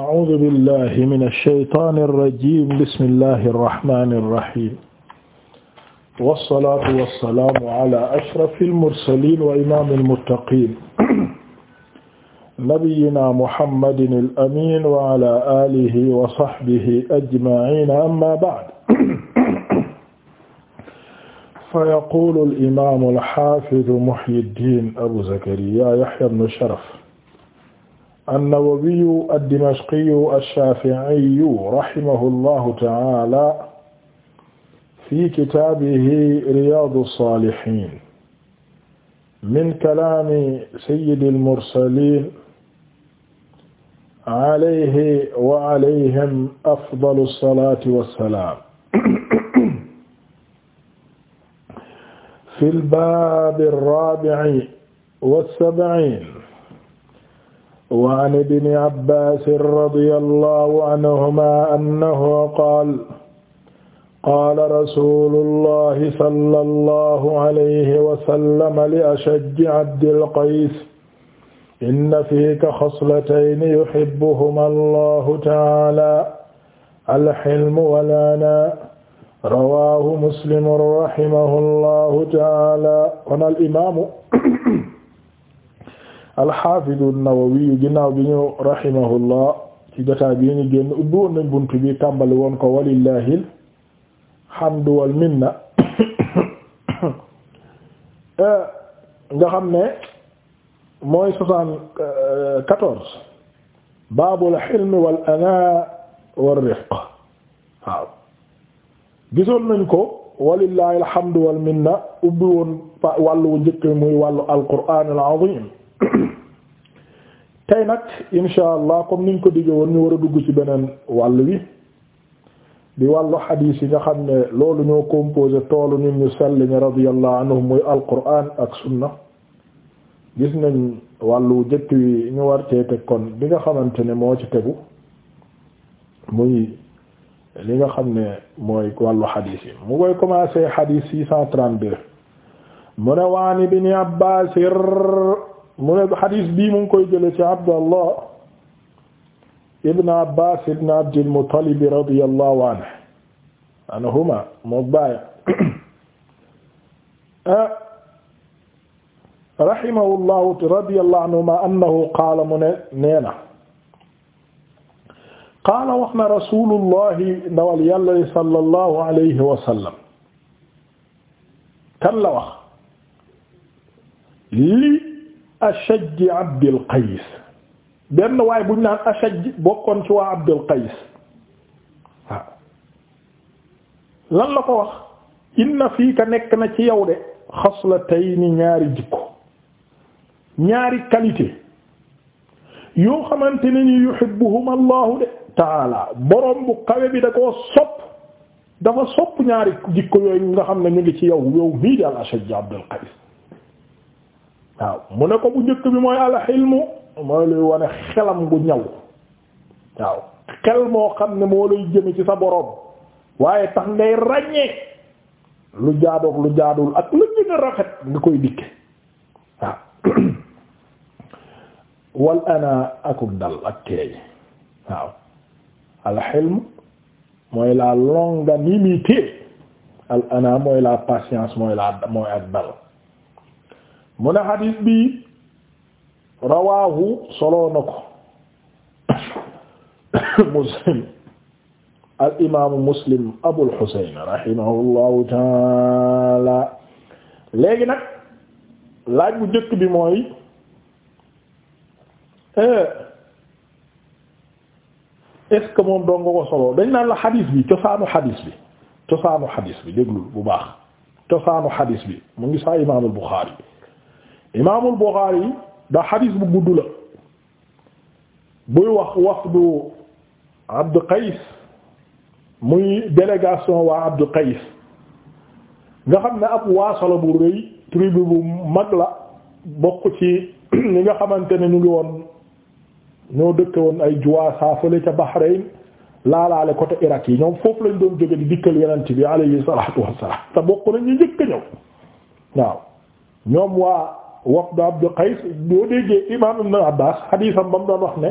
أعوذ بالله من الشيطان الرجيم بسم الله الرحمن الرحيم والصلاة والسلام على أشرف المرسلين وإمام المتقين نبينا محمد الأمين وعلى آله وصحبه أجمعين أما بعد فيقول الإمام الحافظ محي الدين أبو زكريا يحيى بن شرف an-Nawawiyu ad-Dimashqiyu ash-Shafi'iyu rahimahullahu ta'ala fi kitaabihi Riyaadu s-Saalihiin min kalaami sayyidil mursaliin alayhi wa alayhim afdalu s-salaati wa s-salaam fil baabi r-raabi'i wa s-sab'iin waan ibni abbaasin radiyallahu anhumaa annahu qaala qaala rasuulullahi sallallahu alayhi wa sallam li ashajji abdil qays inna fiika xaslatayni yuhibbuhumaa allahu ta'aalaa al-hilmu wal-anaa rawaahu muslimun rahimahu allahu ta'aalaa qaala al-imaamu alxafidu an-Nawawi ginnaaw bi ñu rahimahullah ci jotaay bi ñu génn ubbi woon nañ buntu bi tàmbali woon ko walillahi alhamdu wal minna nga xam ne mooy soixante-quatorze baabul hilmi wal ana war rifq waaw gisoon nañ ko walillahi alhamdu wal minna ubbi woon wàllu njëkk muy wàllu alqur'aan al-azim tey nag insha allah comme niñ ko dige woon ñu war a dugg ci beneen wàll wi di wàllu xadiis yi nga xam ne loolu ñoo composé toolu ñun ñu sell ñi radiyallahu anhum muy alquran ak sunna gis nañ wàllu jëkk wi ñu war cee teg kon bi nga xamante ne moo ci tegu muy li nga xam ne mooy wàllu xadiis yi mu koy commencé xadiis six cent trente-deux mu ne waani bi Abbaasir mu ne xadiis bii mu ngi koy jële ci Abdallah ibn Abbas ibn Abdil Muttalib radiyallahu anhu anhuma mook baaya rahimahullahu radiyallahu anhuma annahu qaala mu ne nee na qaala wax na rasulullahi ndawal yàlla sallallahu alayhi wa sallam kan la wax lii Ashajj Abdul Qays benn waay bu ñu naan Ashajj bokkoon ci waa Abdul Qays waaw lan la ko wax inna fiika nekk na ci yow de xaslatayni ñaari jikko ñaari qualité yoo xamante ne ni yuhibbuhuma Allahu de taala bu kawe bi da koo sopp dafa sopp ñaari jikko yooyu nga xam ne ñu ngi ci yow yow mii daal Ashajj Abdul Qays waaw mu ne ko bu njëkk bi mooy alxilmu mooy luy wane xelam gu ñaw waaw xel moo xam ne moo lay jëme ci sa boroom waaye tax ngay ràññee lu jaadoog lu jaadul ak lu gën rafet nga koy dikke waaw wal ana akul dal ak teey waaw alxilm mooy la longanimité al ana mooy la patience mooy la mooy ak dal mu a xadiis bi rawaahu soloo na ko muslim al imaamu muslim abul xuseyn rahimahullahu taala léegi nag laaj bu njëkk bi mooy eh, est-ce que moom doon nga ko soloo la xadiis bi cosaanu xadiis bi cosaanu xadiis bi déglul bu baax cosaanu xadiis bi mu ngi saa imaamul buxaari imaamul Buxaari yi da xadiis bu gudd la buy wax wafdu Abdu Qays muy délégation waa Abdu Qays nga xam ne ab waasala bu rëy tribu bu mag la bokk ci ñi nga xamante ne ñu ngi woon ñoo dëkke woon ay Juwaasa fële ca Bahrain laalaale côté Irak yi ñoom foofu lañ doon jóge di dikkal yonent bi alayhi salaatu wassalaam te bokk na ñu njëkk ñëw waaw ñoom waa wafd Abdu Qays boo déggee imaam Ibn Abbaas xadiisam ba doon wax ne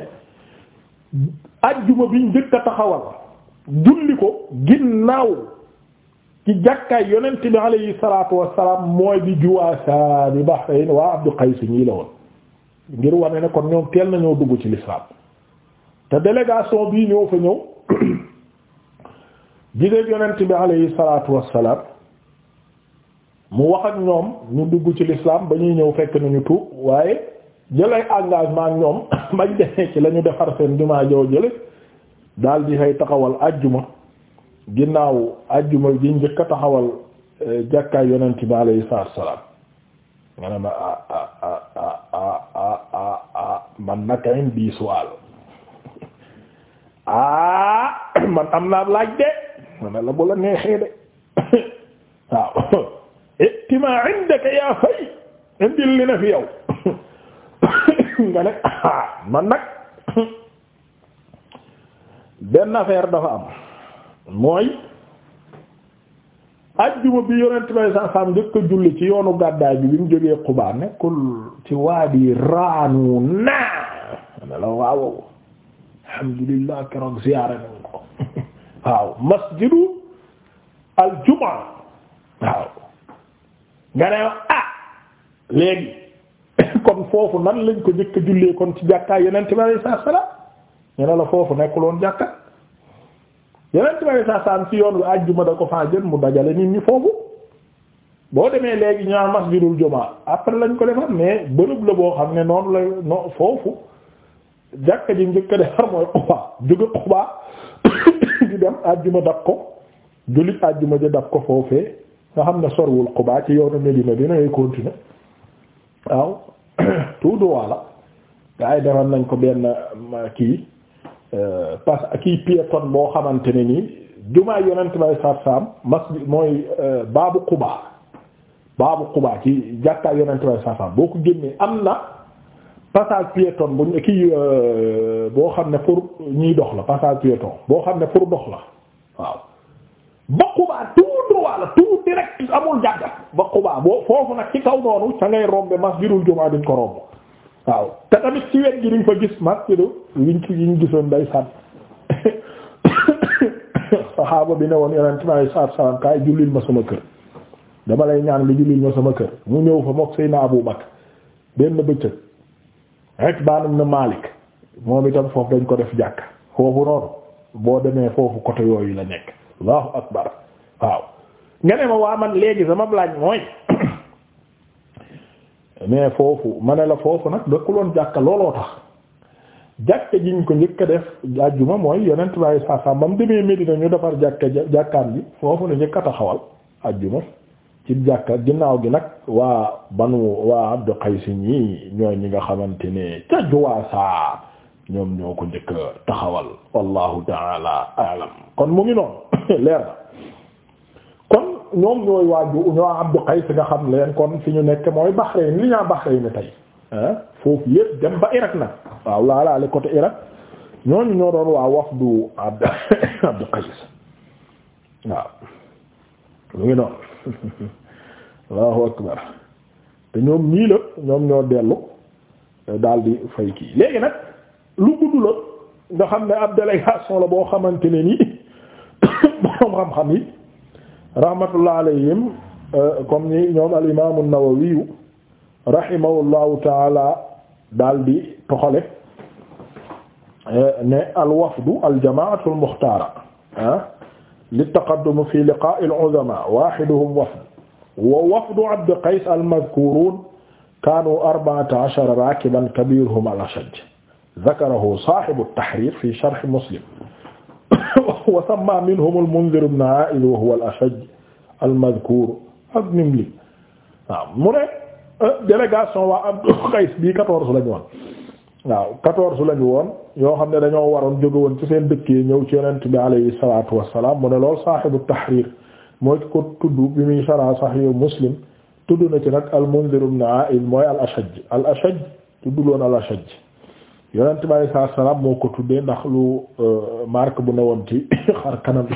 ajjuma biñ njëkk a taxawal julli ko ginnaaw ci jàkkaay yonent bi alayhi salaatu wassalaam mooy bi Juwaasa bi Bahrayn waa Abdu Qays ñii la woon ngir wane ne kon ñoom teel nañoo dugg ci lislaam te délégation bii ñoo fa ñëw gisee yonent bi alayhi salaatu wassalaam mu wax ak ñoom ñu dugg ci lislaam ba ñuy ñëw fekk nañu tuub waaye jël ay engagement ak ñoom bañ demee ci lañu defar seen jumaa joo jële daal di fay taxawal ajjuma ginnaaw ajjuma ji njëkk a taxawal eh, jàkkaay yonent bi alayhi salaatu wa salaam nga ne ma ah ah ah ah man am naa laaj de ma ne la bu la neexee de jittu ma indaka yaa fay indil na fi yow nga ne ah, man nag benn affaire dafa am mooy ajjuma bi yonent bay sansam njëkk a julli ci yoonu gàddaay bi bi jógee Quba nekkul ci waadi raanu naa waaw alhamdulillah keroog ziyaara nañ ko waaw masjidu al waaw nga ne ah léegi kon foofu nan lañ ko njëkk a jullee kon ci jàkkaay yeneen bi alei saatu ñu ne la foofu nekkul woon jàkka yeneen bi alei ci yoon wi àjjuma da ko faa jën mu dajale nit ñi foofu boo demee léegi ñu naan masjidul jumaa après lañ ko defar mais bërëb la boo xam ne noonu la non foofu jàkka ji njëkk a defar jóge xubaa di dem àjjuma dab ko jullit àjjuma ja dab ko foofee nga xam ne sorwul Quba ci yoonu Medina dina ngay continuer waaw tout droit la gaa yi nañ ko benn kii euh, parce que kii piéton boo xamante ne nii jumaay yonent bay sar saam mooy euh, baabu Quba baabu Quba ci jàkkaay yonent bay sar boo ko génnee am na passage piéton buñ kii euh, boo xam ne pour ñuy dox la passage piéton boo xam ne pour dox la waaw ba Quba tout la tout direct amul jàggat ba Quba boo foofu nag ci kaw noonu sa ngay rombe masjidul jumaa duñ ko romb waaw te tamit ci wet gi duñ fa gis masjidu liñ ci liñ gisoon day sànn saxaaba bi ne woon yonent mi alayhi salaatu salaam kaay ma sama kër dama lay ñaan li sama kër mu ñëw fa mook Seydina Abu Bakr benn bëccëg rek baanum na Malik moom itam foofu dañ ko def jàkk foofu noonu boo demee foofu côté yooyu la nekk allahu akbar waaw nga ne ma waa man léegi sama laaj mooy mais foofu ma la foofu nag dëkkuloon jàkka looloo tax jàkka jiñ ko njëkk a def àjjuma mooy yonent baay saa saa ba mu demee Medina ñu defar jàkka jàkkaan bi foofu la njëkk a taxawal àjjuma ci jàkka ginnaaw gi nag waa banu waa Abdu Qays ñi ñooy ñi nga xamante ne ca Juwaasa ñoom ñoo ko njëkk taxawal wallahu taala alam kon mu ngi noonu leer na kon ñoom ñooy waaju ñoo Abdu Qays nga xam leen kon fi ñu nekk mooy Bahrain li ñaa Bahrain tey ah foofu yépp dem ba Irak nag waaw laalaa le côté Irak waa wafdu Abd Abd ngi noonu Allahu akbar ñoom ñii la ñoom ñoo dellu daal fay kii léegi nag lu gudd la nga xam ne ab délégation la boo xamante ne nii boroom xam-xam yi rahmatullah alayhim euh, comme ni ñoom al imam an-Nawawi rahimahullahu taala daal di toxale euh, ne al ah, wafdu al jamaatu al muxtaara li taqaddum fi liqaa al uzamaa waahiduhum wafd wa wafdu Abd Qays al mazkuuruun kaanu arba'ata ashara raakiban kabiiruhum al ashaj zakarahu saahibu at-tahriir fi sharh Muslim wa samma minhum al-Munzir ibn A'il wa huwa al-ashaj al-madhkur ak nim li waaw mu ne euh, délégation waa Abdu Qays bii quatorze lañu woon waaw quatorze lañu woon yoo xam ne dañoo waroon jóge woon ci seen dëkk ñëw ci yonent bi alayhi salaatu wassalaam mu ne lool saaxibu tahriir mooy ko tudd bi muy sara Sahih Muslim tudd na ci nag al-Munzir ibn A'il mooy al-ashaj al-ashaj tudduloon al-ashaj yonent bi alayhi salaatu salaam moo ko tuddee ndax lu euh, marque bu newoon ci xar kanam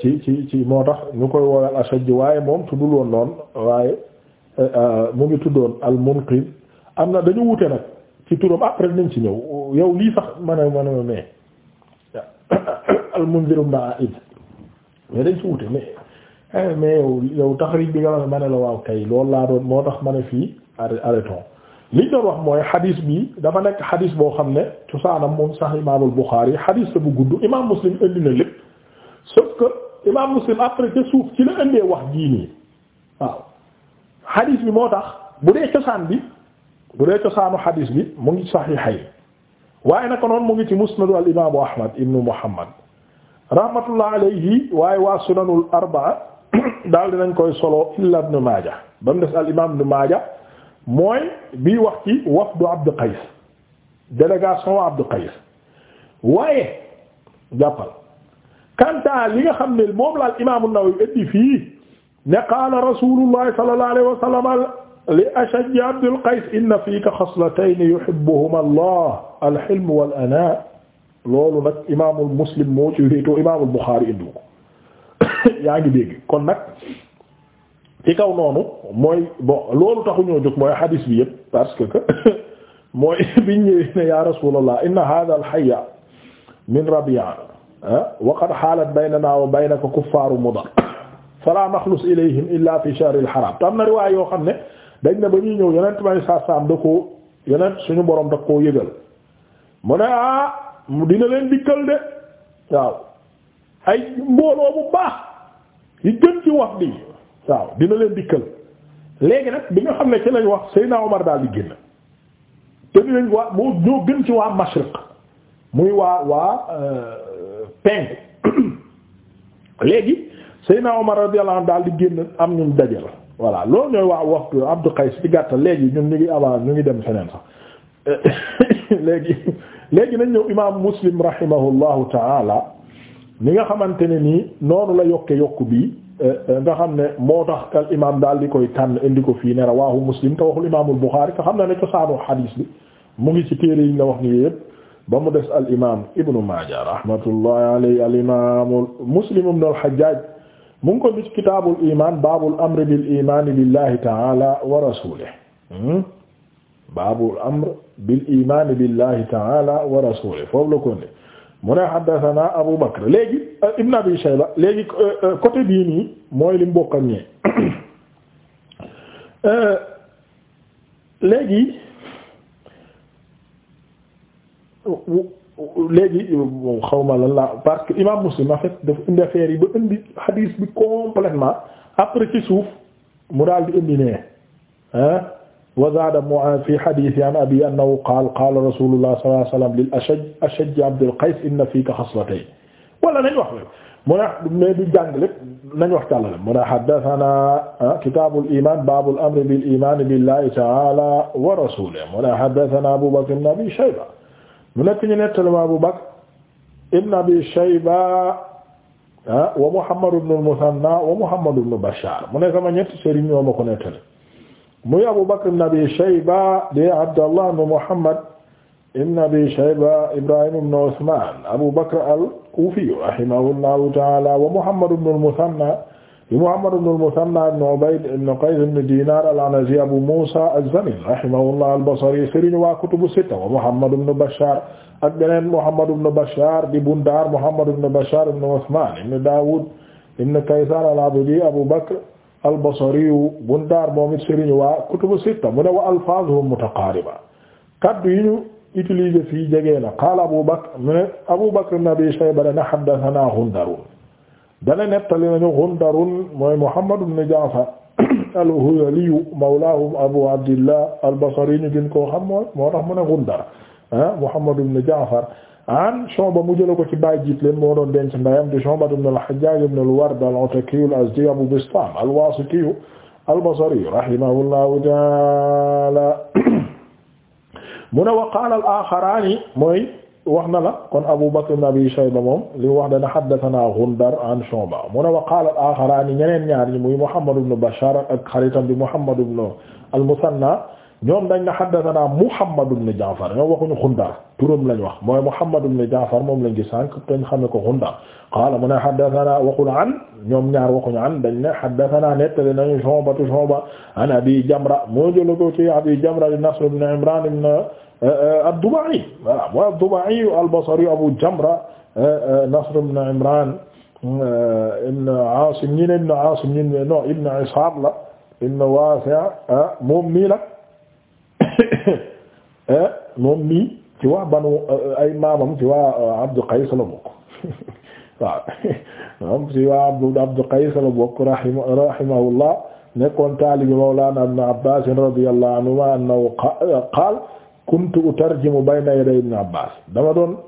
ci ci ci moo tax ñu koy woowal ashaj waaye moom tuddul woon noonu waaye euh, euh, mu ngi tuddoon al munqidh am na dañu wute nag ci turam après nañ ci ñëw yow lii sax man a man a mais al munzir ibn a'id mais dañ ci wute mais eh, mais yow yow taxrij bi nga ne ma ne la waaw kay loolu laa doon moo tax ma ne fii arrêtons liñ doon wax mooy xadis bi dafa nekk xadis boo xam ne cosaanam moom sax imaamul Buxaari xadis la bu gudd imaam Muslim indi na lépp sauf que imaam Muslim après ca suuf ci la indee wax jii nii waaw bi moo tax bu dee cosaan bi bu dee cosaanu xadis bi mu ngi saxiixa yi waaye naka noon mu ngi ci musnadu al imaamu Ahmad ibnu Muhammad rahmatullah alayhi waaye waa sunanul arbaa daal dinañ koy solo illa ibnu Maaja ba mu des al imaam Maaja mooy biy wax ci wafdu Abdu Qays délégation Abdu Qays waaye kanta li nga xam ne moom laal imaamu Nawawi indi fii ne qaala Rasuulullahi sallallahu alayhi Allah al-hilm wal anaa loolu nag imaamul Muslim moo ci wéetoo imaamul Buxaari indi ko yaa ngi dégg ci kaw noonu mooy bon loolu taxu ñoo jóg mooy hadis bi yëpp parce que mooy biñ ñëwee ne ya rasulallah inna hadha al hayya min rabi'a wa qad halat baynana wa baynaka kuffaru mudar yoo xam ne dañ ne ba ñuy ñëw yonent may sa sam da koo yonent suñu borom da koo yëgal mu ne ah dina leen dikkal de waaw ay mbooloo bu baax yi gën ci wax bi waaw dina leen dikkal léegi nag bi nga xam ne ci lañ wax Seydina Omar daal di génn te dinañ waa moo ñoo gën ci waa mashriq muy waa waa euh, penku léegi Seydina Omar radiyallahu anhu daal di génn am ñun dajal voilà loolu ñooy waa waxtu Abdou Qays ci gàttal léegi ñun ñu ngi avant ñu ngi dem feneen sax léegi léegi nañ ñëw imaam Muslim rahimahullahu taala ni nga xamante ne nii noonu la yokke yokk bii Eh, eh, nga xam ne moo tax al daal di koy tànn indi ko fii ne rawaahu muslim te waxul imaamul buxaari te xam na ne cosaanu xadiis bi mu ngi ci téere yi nga wax nii ba mu des al imaam ibnu maaja rahmatullahi alayhi al imaamul muslim ibnu al xajjaaj mu ngi ko bis kitaabul imaan baabul amri bil imaani billahi ta'ala wa rasuulihi hmm? baabul amri bil imaani billahi ta'ala wa rasuulihi foofu la ko mu ne haddathana Abu Bakr léegi euh, Ibn Abi Shayba léegi euh, euh, côté bii nii mooy li mu léegi léegi xaw ma lan la parce que imam Muslim en fait dafa indi yi ba indi hadith bi complètement après ci suuf mu daal di indi nee ah. wa zaada Mu'aaz fi hadiisihi an abiihi annahu qaala qaala rasuulullaah sallallaahu alayhi wa sallam lil Ashaj Ashaj Abdul Qays inna fiika xaslatayni wala nañ wax mu ne du jàng lépp nañ wax tàllale mu ne haddasanaa ah, kitaabul iimaan baabul amri bil iimaani billaahi ta'aalaa wa rasuulihi mu ne haddasanaa Abuu Bakr ibn Abii Shayba mu nekk ñu nettali Abuu Bakr ibn Abii Shayba ah, wa Muhammad ibn al-Muthannaa wa Muhammad ibn Bashaar mu ne sama ñetti sëriñ ñoo ma ko nettali muy Abu Bakr ibn Abi Shayba di Abdallah ibn Muhammad ibn Abi Shayba Ibrahim ibn Usman Abu Bakr al-Kufi rahimahullahu ta'ala wa Muhammad ibn al-Muthanna di Muhammad ibn al-Muthanna ibn Ubayd ibn Qays ibn Dinar al-Anazi Abu Musa az-Zamin rahimahullah al-Basri sëriñ waa kutubu sitta wa Muhammad ibn Bashar ak beneen Muhammad ibn Bashar di Bundar Muhammad ibn Bashar ibn Usman ibn Dawud ibn Kaysan al-Abdi Abu Bakr al-Basriyu Bundaar moom it sëriñ waa kutubu sitta mu ne wa alfaazuhum mutaqaariba kaddu yi ñu utilisé fii jege na qaala Abu Bakr mu ne Abu Bakr ibn Abi Shayba dana haddathanaa Ghundarun dana nettali nañu Ghundarun mooy Muhammad ibn Ja'far al-Hudhaliyu mawlaahum Abu Abdillah al-Basri ñu gën koo xam mooy moo tax mu ne Ghundar ah Muhammad ibn Ja'far an Shu'ba mu jëlee ko ci baay jiitleen moo doon denc ndeyam di Shu'ba ibn al-Hajjaj ibn al-Ward al-Ataki al-Azdi Abu Bistam al-Wasiti al-Basri rahimahullahu ta'ala mu ne wa qaala al-aaxaraani mooy wax na la kon Abu Bakr ibn Abi Shayba moom li mu wax dana haddathanaa Ghundar an Shu'ba mu ne wa qaala al-aaxaraani ñeneen ñaar ñi muy Muhammad ibn Bashar ak xaritam bi Muhammad ibn al-Muthanna ñoom dañ na haddathana Muhammad ibn Ja'far ñoom waxuñu Xundar turam lañ wax mooy Muhammad ibn Ja'far moom lañ gis sànq dañ xamee ko Xundar qaala mu ne haddathana waxul an ñoom ñaar waxuñu an dañ ne haddathana nettali nañu Shu'ba Shu'ba an Abi Jamra moo jël ko ci Abi Jamra di Nasr ibn Imran ibn euh, euh, ad-Duba'i voilà mooy ad-Duba'i al-Basri Abu Jamra euh, Nasr ibn Imran ibn Asim ñi ne ibn Asim ñi ne non ibn Ishaq la ibn Wasi' ah, moom mii nag Eh, moom mii ci waa banu eh, ay maamam ci waa eh, Abdou Qays la bokk waaw moom ci waa Abdou Qays la bokk rahima rahimahullah nekkoon taalibi mawlana ibn Abbas radiyallahu anhuma annahu qaala kuntu utarjimu bayna yaday ibn Abbas dama doon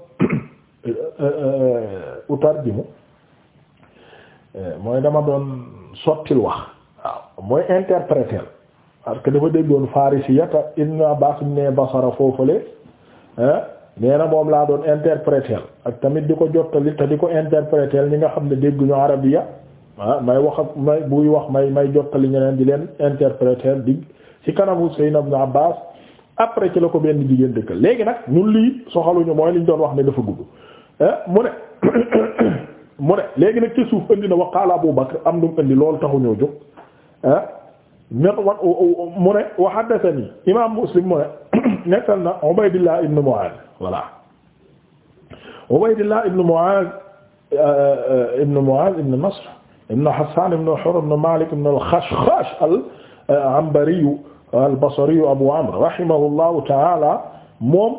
utarjimu mooy dama doon sottil wax mooy interpréter parce que dafa déggoon Farisiyata Ibn Abbas ne Basra foofule nee na moom laa doon interpréter ak tamit di ko jottali te di ko interpréter ñi nga xam ne dégguñu arabiya ah may wax ak may buy wax may may jottali ñeneen di leen interpréter di ci kanamu Seydina Ibn Abbas après ci la ko benn jigéen dëkkal léegi nag ñun lii soxaluñu mooy liñ doon wax ne dafa gudd mu ne mu ne léegi nag ci suuf indi na wa qaala Abu Bakr am lu mu indi loolu taxuñoo jóg ah. ñett wan mu ne wa haddathani imaam Muslim mu ne nettal na Ubaydillah ibn Mu'aaz voilà Ubaydillah ibn Mu'aaz euh, euh, ibn Mu'aaz ibn Nasr ibn Hassaan ibn Hurr ibn Maalik ibn al-Khashkhaash al-Anbari al-Basri Abu Amr rahimahullahu ta'aala moom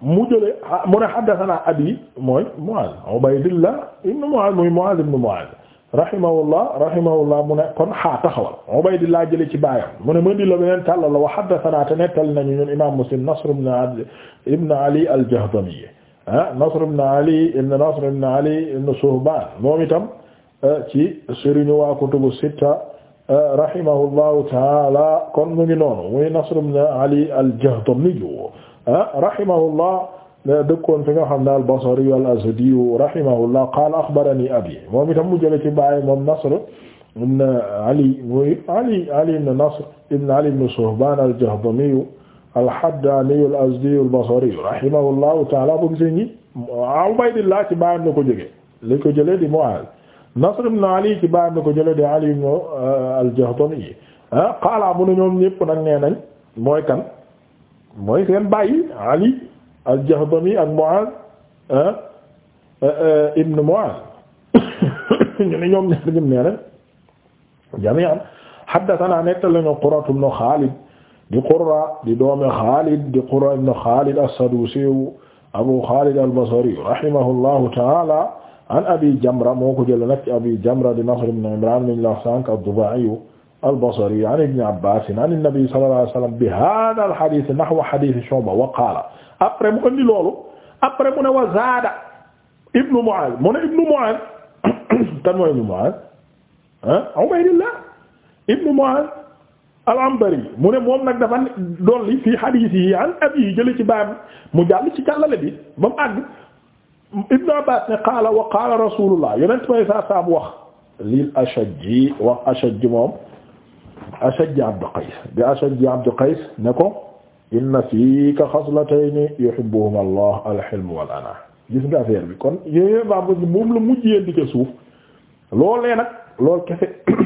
mu jëlee mu ne haddathanaa abi mooy Mu'aaz Ubaydillah ibn Mu'aaz mooy Mu'aaz ibn Mu'aaz rahimahullah rahimahullah mu ne kon xaa taxawal Ubaydillah jële ci baayam mu ne mën di la beneen tàllal la wa haddathana te nettali nañu ñun imam Muslim Nasr ibn Ali ibn Ali al-Jahdami ah Nasr ibn Ali ibn Nasr ibn Ali ibn Suhban moom itam eh, ci sëriñu waa kutubu sitta eh, rahimahullahu taala kon mu ngi noonu muy Nasr ibn Ali al-Jahdami ah rahimahullah dëkkoon fi nga xam daal Basri al-Azdi rahimahullah qaala axbarani abi moom itam mu jëlee ci baay moom Nasr ibn Ali muy Ali Ali ibn Nasr ibn Ali ibn Suhbaan al-Jahdami al-Haddaani al-Azdi al-Basri rahimahullahu ta'aala bu gisee ni Ubaydillah ci ko jógee ko jëlee di Mu'aaz Nasr ibn Ali ci ko jëlee di Ali ibn euh, al-Jahdami ah, qaala mu ne ñoom ñépp nag nee mooy kan mooy seen baay Ali. al-Jahdami ak Mu'aaz ah, eh, eh, ibn Mu'aaz ñu ne ñoom ñaar ñim nee nañ jami'an haddathanaa nettal lañu Qurratu ibn Xaalid di Qurra di doomi Xaalid di Qurra ibn Xaalid as-Saduusi Abu Xaalid al-Basri rahimahullahu ta'aala an Abi Jamra moo ko jël nag ci Abi Jamra di Nasr ibn Imraan al-Basri an Ibn Abbas an an-Nabi sallallahu alayhi wa sallam bi hadha al-hadith nahwa hadith Shu'ba wa qala après mu andi loolu après mu ne wa zaada Ibn Mu'adh mu ne Ibn Mu'adh kan mooy Ibn Mu'adh ah Ubaydillah Ibn Mu'adh al-Anbari mu ne moom nag dafa dolli fii hadith yi an abi jëlee ci baam mu jàll ci jàllale bi ba mu àgg Ibn Abbas ne qaala wa qaala Rasulullah yeneen tubaab yi saa saa mu wax lil Ashajji wax Ashajji moom. Ashajj Abdu Qays bi Ashajj Abdu Qays ne ko inna fiika xaslatayni yuhibbuhuma Allah al-hilm wal ana gis nga bi kon yooyu baa bëgg moom la mujjee di ca suuf loolee nag lool kese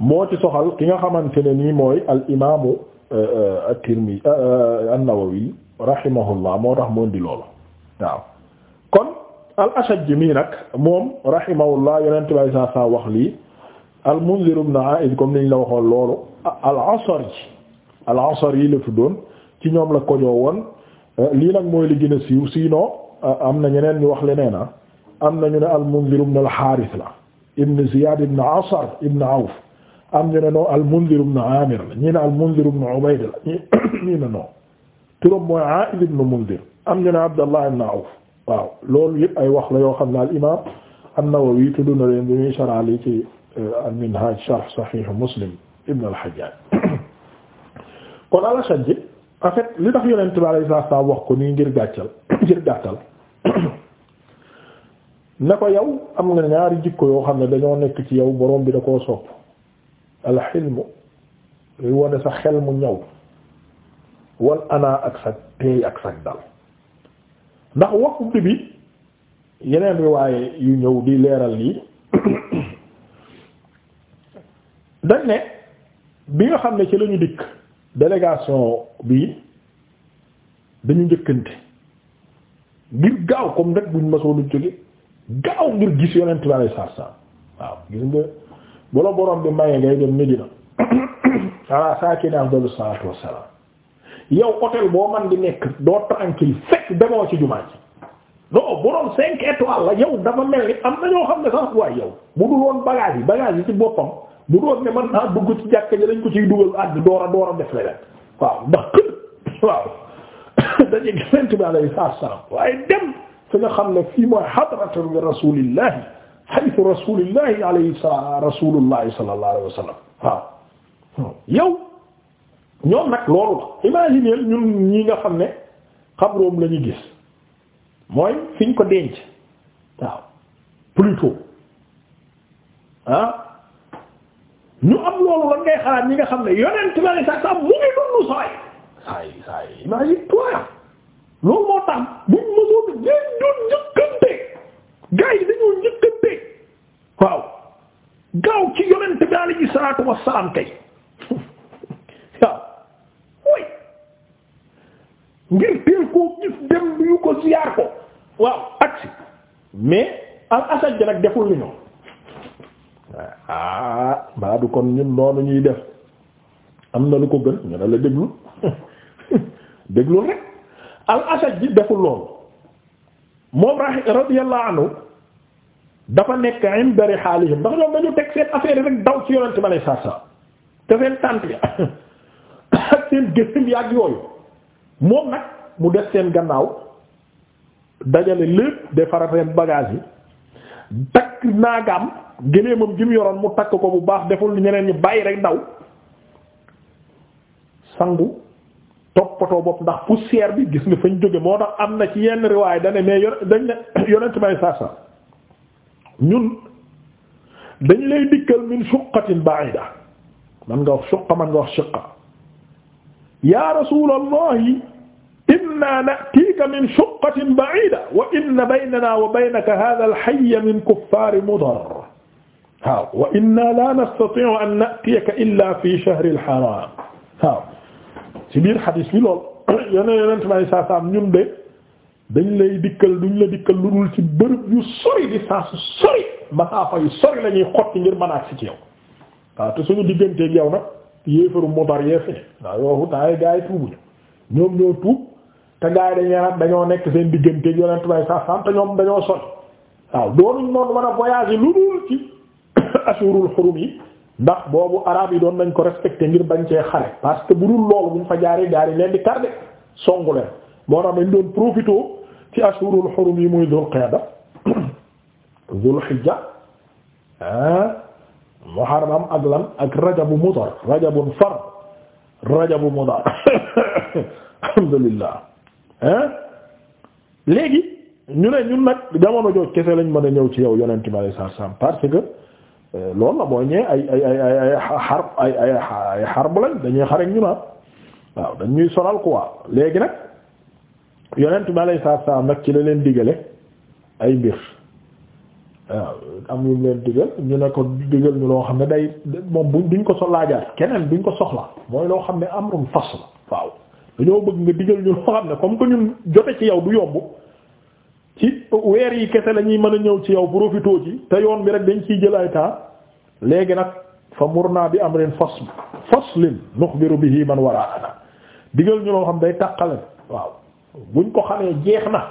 moo ci soxal ki nga xamante ne nii mooy al imaamu euh, at-Tirmidhi euh, an-Nawawi rahimahullah moo tax moom di loolu waaw kon al Ashajj mii nag moom rahimahullah yonent al-Munzir ibn A'id comme niñ la waxoon loolu al-Asri al-Asri la tuddoon ci ñoom la ko woon lii nag mooy li gën a siiw uh, am na ñeneen ñu wax leneen ah am na ñu ne al-Munzir ibn al-Harith la ibn Ziyad ibn Asr ibn Awf am ñu ne non al-Munzir ibn Amir la ñii ne al-Munzir ibn Ubayd la ñii ne non mooy A'id ibn Munzir am ñu Abdallah ibn Awf waaw loolu ay wax la yoo xam ne al-Imam an-Nawawi tudd na leen bi ñuy sarali al-Minhaj sharh Sahih Muslim ibn al-Hajjaj kon al-Ashajj en li tax Yonent bi alayhi salaam wax ko nii ngir gàccal ngir gàttal ne ko yow am nga ñaari jikko yoo xam ne dañoo nekk ci yow boroom bi da koo sopp al wone sa xel mu ñaw wal ana ak sa teey ak sa dal ndax waxu bi yeneen riwaaye yu ñëw di leeral lii dañ ne bi nga xam ne ci lañu dikk délégation bi dañu njëkkante ngir gaaw comme rek buñ masoonu jóge gaaw ngir gis yonent bi alei satu saa waaw gis borom bi maye ngay dem Medina ala saaki ne afdalu salatu wassalam yow hôtel boo man di nekk doo tranquille fekk demoo ci jumaa ji non borom cinq étoiles la yow dafa mel ni am na ñoo xam ne sax waaye yow bu dul woon bagage yi bagage yi ci boppam bu doon ne man naa dugg ci jàkka ji lañ ko ciy dugal àdd door a door a def leneen waaw ndax waaw dañuy gënanti bi alayhi salaam waaye dem fi nga xam ne fii mooy hadratu rasulillahi haythu rasulillahi alayhi salaam rasulullahi sallallahu alayhi wa sallam waaw yow ñoom nag loolu la imaginer ñun ñi nga xam ne xabroom la ñu gis mooy fiñ ko denc waaw plutôt ah ñu am loolu lan ngay xalaat ñi nga xam ne yonent ma ne sax sax mu ngi dund saway saay saay imagine toi loolu moo tax buñ mësoon dañ doon njëkkante gars yi dañoo njëkkante waaw gaaw ci yonent bi alayhi salaatu wassalaam kay waaw woy ngir teel koo gis dem yu ko ziyaar ko waaw agsi mais al asaj nag deful li ah baa du kon ñun noonu ñuy def am na lu ko gën ñu ne la déglu déglu rek al asaj bi deful loolu moom radiyallahu anhu dafa nekk inda rihaalihim ndax ñoom dañu teg seen affaire rek daw ci yonent ma lay saa saa te seen tànt ya ak seen gëstëm yaag yooyu moom nag mu def seen gannaaw dajale lépp defarateen bagage yi takk naagam géléemam gi mu mu takk ko bu baax deful ni ñeneen ñi bàyyi rek ndaw sangu toppatoo bopp ndax poussière bi gis nga fañ jóge moo am na ci yenn riwaay da ne mais yor dañ ne yonent may saasa ñun dañ ley dikkal min suqatin ba'ida man nga wax suqa man nga wax suqa ya rasulallahi inna na'tika min suqatin ba'ida wa inna baynana wa baynaka hadha al-hayy min kuffar mudar waaw wa inna la nastati'u an na'tiyaka illa fi shahril haram waaw ci biir xadis bi lool yone yonent may saa saam ñun de dañ lay dikkal duñ la dikkal lu dul ci bërëb yu sori distance sori masaafa yu sori la xotti ngir mën a ci yow waaw te suñu digganteeg yow nag yéefaru mobar yeefe waaw yowu taay gaa yi tuubuñu ñoom ñoo tuub te gaa yi dañuy dañoo nekk seen digganteeg yonent may saa te ñoom dañoo sori waaw doonuñ noonu mën a voyager lu dul ci ashurul xurum yi ndax boobu araab yi doon nañ ko respecté ngir bañ cee xare parce que bu dul lool bu ñu fa jaaree gaari leen di tardé songu leen moo tax dañ doon profité ci ashurul xurum yi muy dul qiyada dul xijja ah muharram ak lan ak rajabu mudar rajabun far rajabu mudar alhamdulillah ah léegi ñu ne ñun nag jamono jooj kese lañ mën a ñëw ci yow yonent bi sallallahu alayhi wasallam parce que. loolu la mooy ñee ay ay ay ay ay xar ay ay xarb lañ dañuy xare ñu na ah. waaw dañuy solal quoi léegi nag yonent bi alayhi salaatu salaam nag ci la leen digale ay mbir waaw am yu leen digal ñu ne ko digal ñu loo xam ne day moom bu duñ ko so laajaat keneen duñ ko soxla mooy loo xam ne amrun fasl waaw dañoo bëgg nga digal ñu loo xam ne comme que ñun jote ci yow du yomb ci weer yi kese lañuy ñuy mën a ñëw ci yow profité ci te yoon bi rek dañ ciy jëlaay temps léegi nag fa murna bi amrin fasl faslin nukhbiru bihi man wara'ana digal ñu loo xam day tàqale waaw buñ ko xamee jeex na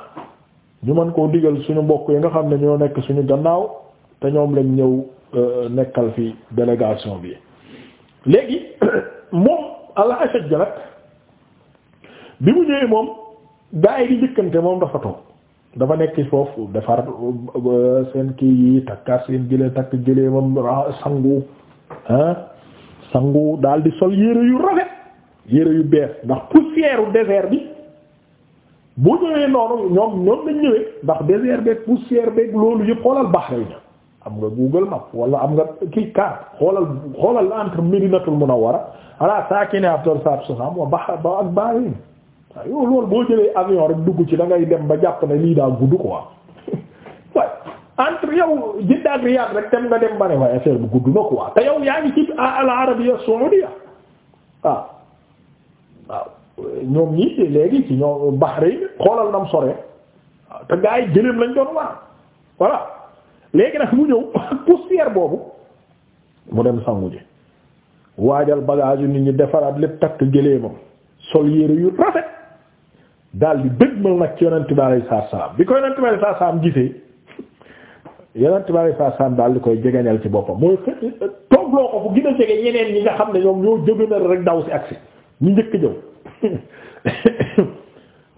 ñu mën koo digal suñu mbokk yi nga xam ne ñoo nekk suñu gannaaw te ñoom lañ ñëw euh, nekkal fi délégation bi léegi moom ala bi mu ñëwee moom gaa yi di moom dafa toog dafa nekk foofu defar euh, seen kii yi takka seen gëlee takk gëlee moom ah, sangu ah sangu daal di sol yére yu rafet yére yu bees ndax poussière u désert bi bu ñëwee noonu ñoom ñoom lañ ñëwee ndax désert beeg poussière beeg loolu yëpp xoolal Bahrain am nga Google Map wala am nga kii carte xoolal xoolal entre Médinatul Munawwara ala saakini afdal salaatu wa salaam wa Bahrain ak Bahrain waaw yow loolu boo jëlee avion rek dugg ci da ngay dem ba jàpp na lii daa gudd quoi waaye entre yow Jidda ak Riyad rek tem nga dem ba ne waaye affaire bu gudd na quoi te yow yaa ngi ci al Arabia Saoudia ah waaw waaw ñoom ñii léegi ci ñoom Bahreïn xoolal nam sore te gaa yi jëleem lañ doon waar voilà léegi nag mu ñëw poussière boobu mu dem sangu ji waajal bagage yu nit ñi defaraat lépp takk gëléemam sol yére yu rafet daal di dëgmal nag ci yonent bi alayhi salaam bi ko yonent bi salaam gisee yonent bi salaam daal di koy jegeñal ci boppam mooy toogloo ko fu gën a jege ñeneen ñi nga xam ne ñoom ñoo jóge na rek daw si agsi ñu njëkk jëw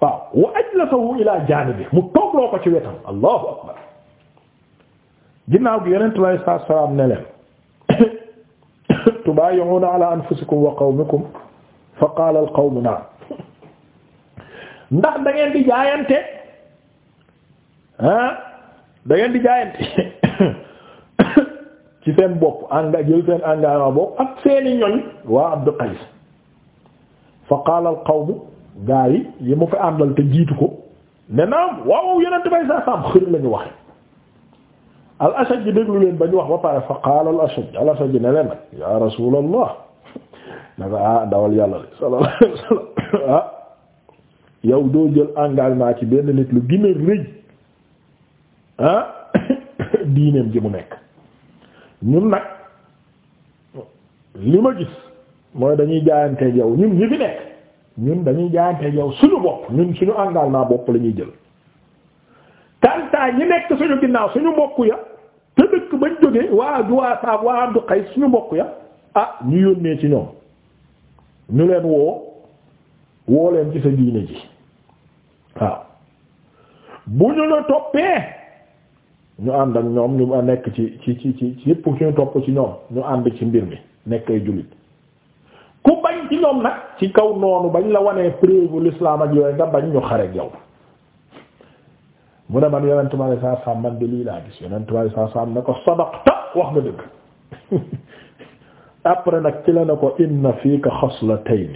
waaw wa ajlasahu ila jaanibi mu toogloo ko ci wetam allahu akbar ginnaaw gi yonent bi salaam ne leen ala anfusikum wa qawmikum fa qaala al qawmu na'am ndax da ngeen di jaayante ah da di jaayante ci seen bopp enga jël seen engagement bopp ak seeni ñoñ waa Abdou Qays fa qaala al qawmu gaa yi yi mu fa àndal te jiitu ko ne naam waaw yenente bay saa saam xër la ñu waxe al Ashaj ji déglu leen ba ñu wax ba pare fa qaala al Ashaj al Ashaj ne leen nag ya rasulallah naka ah dawal yàlla li sallallahu alayhi yow doo jël engagement ci benn nit lu gën a rëj ah diineem ji mu nekk ñun nag li ma gis mooy dañuy jaayanteeg yow ñun ñi fi nekk ñun dañuy jaayanteeg yow suñu bopp ñun suñu engagement bopp lañuy jël kantaa ñi nekk suñu ginnaaw suñu mbokk ya te dëkk bañ jógee waa duwaa saab waa Abdu Qays suñu mbokk ya ah ñu yónnee ci ñoom ñu leen woo woo leen ci sa diine ji waaw bu ñu la toppee ñu ànd ak ñoom ñu nekk ci ci ci ci yépp ci ñu topp ci ñoom ñu ànd ci mbir mi nekk ay jullit ku bañ ci ñoom nag ci kaw noonu bañ la wanee preuve l'islam ak yooyu nga bañ ñu xare ak yow mu ne man yonent bi sallallahu alayhi wasallam man de lii laa gis yonent bi sallallahu alayhi wasallam ne ko sadaqta wax nga dëgg après nag ci la ne ko inna fiika xaslatayn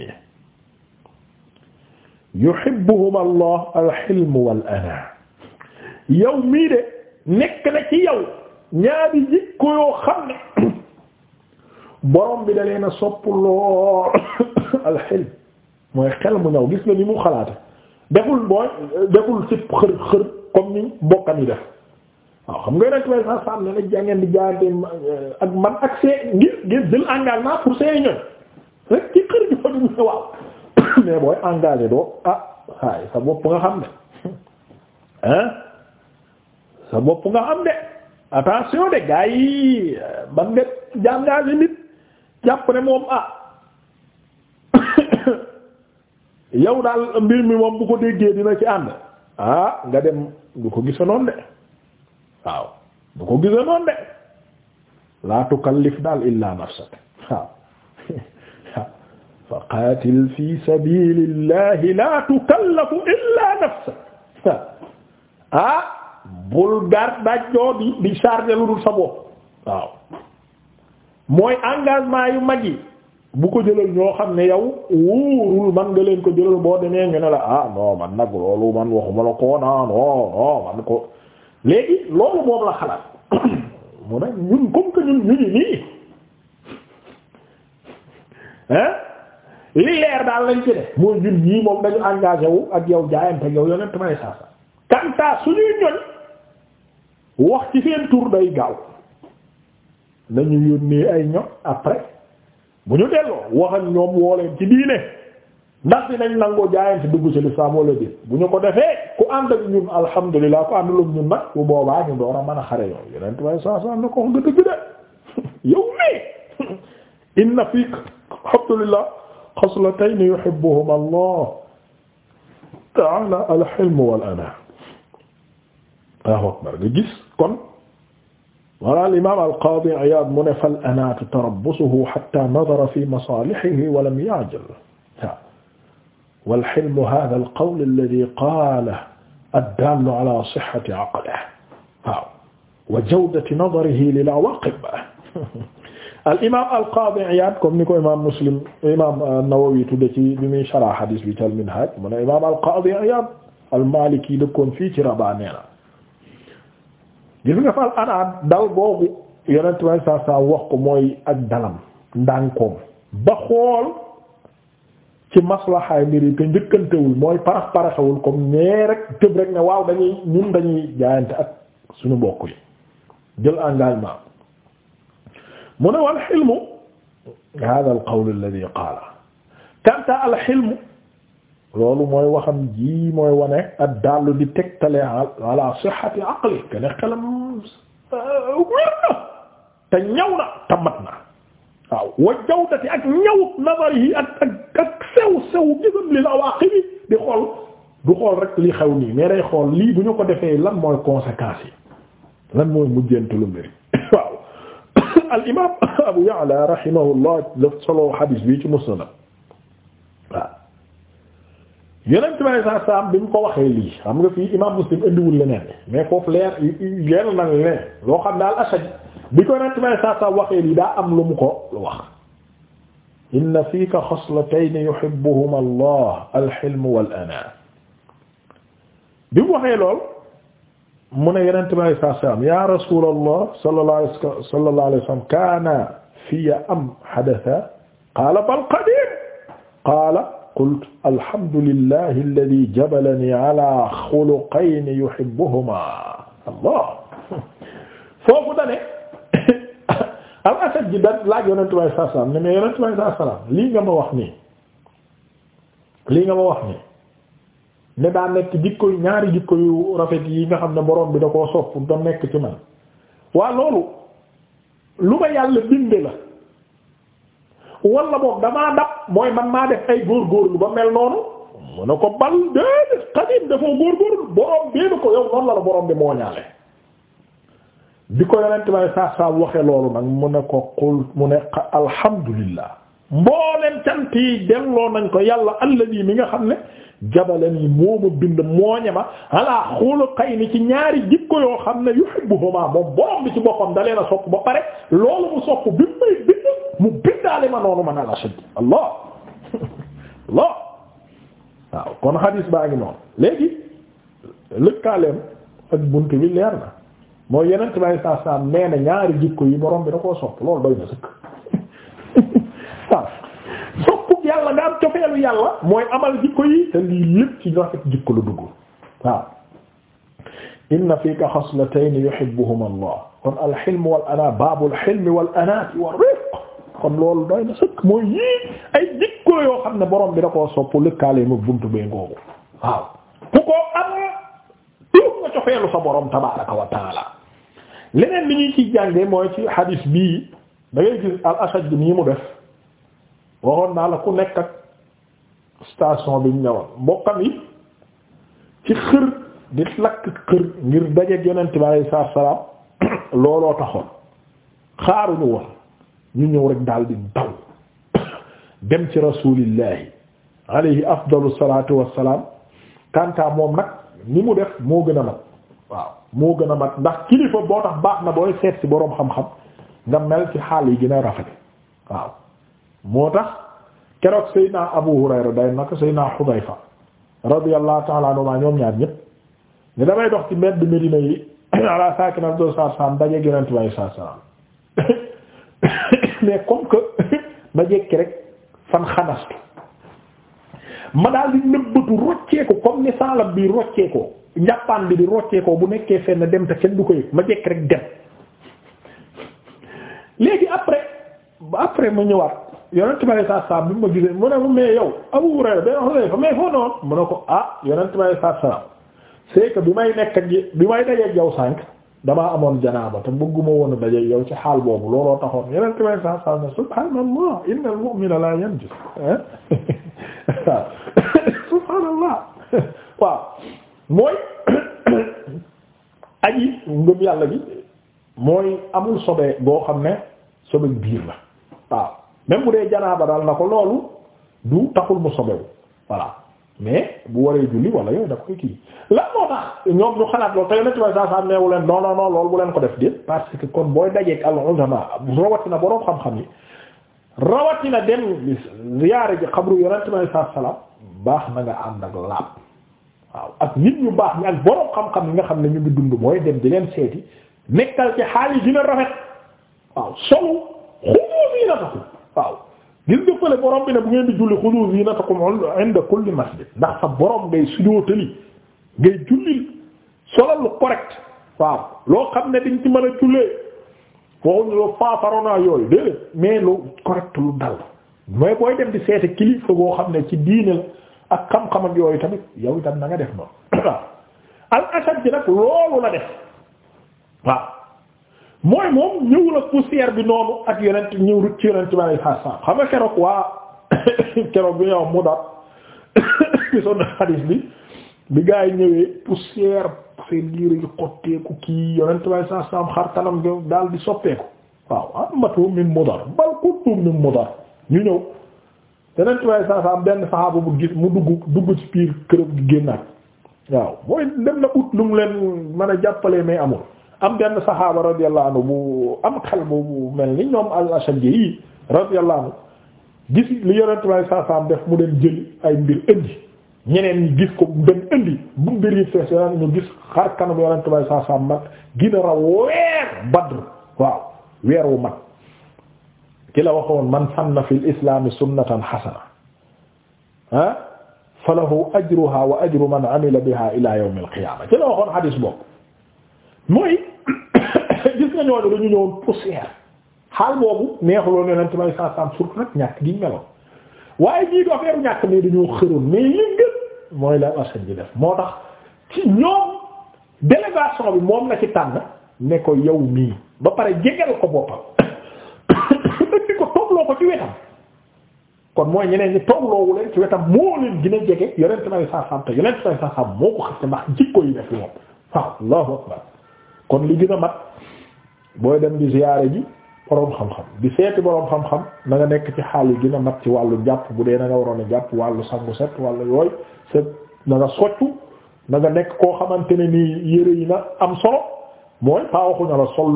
yuhibbuhum allah alxilm yow mii de nekk na ci yow ñaari jikko yoo xam ne borom bi da leen a sopp lool mooy xel mu ñëw gis nga ni mu xalaate deful mooy deful ci xër xër comme ni mbokkam yi def waaw xam nga rek lay sa sàmm ne nag jàngeen di jaante ak man ak see ngir ngir jël engagement pour see ne booy engagé doo ah saay sa bopp nga xam ne hein sa bopp nga xam ne attention de gars yi ba nga nit jàpp ne moom ah yow daal mbir mi moom bu ko déggee dina ci ànd ah nga dem du ko gisa noonu de waaw du ko gisa de la tukallif daal illa nafsak waaw fa waaw mooy engagement yu mag yi bu ko jëlal ñoo xam ne yow wóorul man nga leen ko jëlal boo demee nga ne la ah non man nag loolu man waxuma la ko non man ko léegi loolu moom la xalaat mu ne ñun comme que ñun nii hein li leer daal lañ ci def mooy ñun ñii moom dañu engagé ak yow jaayante yow yonent may saasa kantaa suñuy ñoñ wax ci seen tur day gaaw nañu yónnee ay ñoñ après bu ñu delloo wax ak ñoom woo leen ci diine ndax dinañ nangoo jaayante dugg ci lislaam walla déet bu ñu ko defee ku ànd ak ñun alhamdulilah ku àndul ak ñun nag bu boobaa ñu door a mën a xare yow yonent may saasa na ko wax nga dëgg de yow mii inna fiik alhamdulillah xaslatayni tey yuhibbuhuma Allah ta'ala al-hilm wal ana Allahu akbar nga gis kon wala al-imam al-qadi Iyad mu ne fal anaatu tarabbusuhu hatta nadara fi masalihihi wa lam ya'jal wal hilm hadha al-qawl alladhi qalahu ad-dallu ala sihhati aqlihi wa jawdati nadarihi lil-awaqib al imaam al qaadi Iyaad comme ni ko imaam Muslim imaam Nawawi al qaadi Iyaad al Maaliki dëkkoon fii ci Rabat nee na gis nga fa al anaat dal saa saa wax ko mooy ak dalam ndànkoom ba xool ci maslahaay mbir yi te njëkkantewul mooy parax paraxewul comme nee rek tëb rek ne waaw dañuy ñun dañuy jaayante ak suñu mbokk yi jël engagement mu ne wal xilmu hada al qawl alladi qaala kanta al xilmu loolu mooy waxam ji mooy wane ak dallu di tegtale al sihhati aqli kene xelam euh, wér na te ñaw na te mat na waaw wa jawdati ak ñawut nazar yi ak ak sew sew gisam li lawaaqibi di xool du xool rek li xew nii mais day xool lii bu ñu ko defee lan mooy conséquences lan mooy mujjantalu mbir al imaam Abu Ya'la rahimahullah daf solo xadiis bi ci yeneen ci may saam bi mu ko waxee lii xam nga imaam Muslim indiwul leneen mais foofu leer leer xam daal bi ko yeneen ci may sax saam daa am lu mu ko wax. inna fiika xaslatayni yuhibbuhuma Allah al-hilmu bi mu lool. mu ne yenente bi alei saatu salaam ya rasulallah sallallahu alayhi wa sallam kaana fiya am hadatha qaala bal qadim qaala qultu alhamdulillahi alladhi jabalani ala xuluqayni yuhibbuhuma allah foofu dane al asad ji da laaj yonente bi alei saatu salaam ne mais yonente bi alei saatu salaam lii nga ma wax nii lii nga ma wax nii ne daa nekk jikko ñaari jikko yu rafet yi nga xam ne borom bi da koo sopp da nekk ci man waa loolu lu ma yàlla binde la wala boog damaa dab mooy man maa def ay góorgóorlu ba mel noonu mu ne ko bal déedéet xadim dafoo góorgóorlu borom bee ko yow noonu la la borom bi moo ñaale bi ko yonent may saa saa waxe loolu nag mu ne ko qul mu ne alhamdulillah mbooleen cant yi delloo nañ ko yàlla alladi mi nga xam ne jabalani moomu bind mooñe ma ala xuluqayni ci ñaari jikko yoo xam ne yuhibbuhuma moom borom bi ci boppam da leen sopp ba pare loolu mu sopp bi muy bind mu bindaale ma noonu man ala shaddi allah allah waaw kon hadis baa ngi noonu léegi lëkkaaleem ak bunt bi leer na mooy yeneen tubaab yi saa saa nee na ñaari jikko yi borom bi da koo sopp loolu doy na sëkk. yàlla nga am cofeelu yàlla mooy amal jikko yi te lii lépp ci jikko lu dugg waaw inna fiika xaslatayn yuhibbuhuma allah kon alxilm kon loolu doy na sëkk ay jikko yoo borom bi da koo sopp lëkkaale ma buntu bee ngoogu waaw ku ko am tuut nga cofeelu sa borom tabaaraka wa taala leneen ci jànge mooy ci hadis bii da ngay al asaj bi nii mu def waxoon naa la ku nekk ak station bi ñu ñëwoon mbokkam yi ci xër di lakk xër ngir dajeeg yonent bi alayhi salaatu salaam looloo taxoon xaaruñu woon ñu ñëw rek daal di daw dem ci rasulillahi alayhi afdalu salaatu wassalaam kanta moom nag ni mu def moo gën a mat waaw moo gën a mat ndax kilifa boo tax baax na booy seet ci boroom xam-xam nga mel ci xaal yi gën a rafet waaw moo tax keroog Seydina Abu Hurayra day naka Seydina Xudayfa radiyallahu ta'ala anhuma ñoom ñaar ñëpp ne damay dox ci mbedd Medina yi ala saakina afdal salaatu salaam dajeeg Yonent bi alayhi salaatu mais comme que ma jekki rek fan xanastu ma daal di nëbbatu rocceeku comme ni saalam bi rocceekoo njàppaan bi di rocceekoo bu nekkee fenn dem te kenn du ko yëg ma jekki rek dem léegi après après ma ñëwaat yonent bi saa saa bi mu ma gisee mu ne mais yow Abu Hurayra ba Hurayra mais foo noonu mu ne ko ah yonent bi saa saa c'est que bi may nekk ak bi may dajeeg yow sànq damaa amoon janaaba te bëgguma woon a dajeeg yow ci xaal boobu looloo taxoon yonent bi saa saa ne subhaanallah innal mu'mina la yanjus subhaanallah waaw mooy aji ngëm yàlla gi mooy amul sobe boo xam ne sobe biir la waaw. même bu dee janaaba daal na ko loolu du taxul mu sobewu voilà mais bu waree julli wala yooyu da koy kii lan moo tax ñoom ñu xalaat loolu te yonent way saa saa neewu leen non non non loolu bu leen ko def déet parce que kon booy dajeek al ulama rawatina boroom xam-xam yi rawatina dem ziyaare ji xabru yonent way saa salaam baax na nga ànd ak laab waaw ak nit ñu baax ñi ak boroom xam-xam yi nga xam ne ñu ngi dund mooy dem di leen seeti nekkal ci xaal yi waaw solu waaw gis nga fële borom bi ne bu ngeen di julli xudu zinatakum inda kulli masjid ndax sa borom ngay sujootali ngay jullil solal lu correct waaw loo xam ne dañ ci mën a jullee waxuñu loo faafarona yooyu déedéet mais lu correct lu dal mais booy dem di seete kilifa boo xam ne ci diine la yooyu tamit yow itam na nga def noonu bi loolu la def waaw mooy moom ñëwul ak poussière bi noonu ak yonent ñëw ci yonent bi alayhi salaam xam nga keroog waa keroog bi ñëw mu daat gisoon na xadiis bi bi yi ñëwee poussière seen liir yi xotteeku kii yonent bi ñu ñëw yonent bi alayhi salaam benn saxaabu bu gis mu dugg dugg ci biir këram gi génnaat waaw mooy dem na ut lu mu leen mën a jàppalee mais amul am benn saxaaba radiyallahu anhu bu am xel bu mel ni ñoom al-Ashajji yi radiyallahu anhu gis li yonent may saasaam def mu dem jëli ay mbir indi ñeneen gis ko dem indi bu mbir yi fees yonent ñu gis xar kanam yonent may saasaam nag gina raw weer Badr weer wu mag ki la waxoon man sanna fi islaami sunnatan hasana ah falahu ajruha wa ajru man amila biha ila yawmil qiyaama ci waxoon hadis boobu mooy gis nga ñooñu dañu ñëwoon poussière xaal boobu neexuloon yonent may saasaam surtout nag ñàkk gi meloon waaye jii du affaire ñàkk mais dañoo xëroon mais li gën mooy la Assane ji moo tax ci moom la ci tànn ne ko yow ba pare jegal ko boppam kon mooy ñeneen ñi toogloowu leen ci wetam moo leen gën a jege yonent may saasaam te yonent may saasaam moo ko xëcc ndax jikko yi def moom waaw Allahu akbar kon li gën a mat booy dem di ziyaare ji boroom xam-xam di seeti boroom xam-xam na nga nekk ci xaal yi gën a mat ci wàllu jàpp bu dee na waroon a jàpp wàllu sangu set wàllu yooyu set na nga na nekk koo xamante ne nii yére am solo mooy pas waxu la sol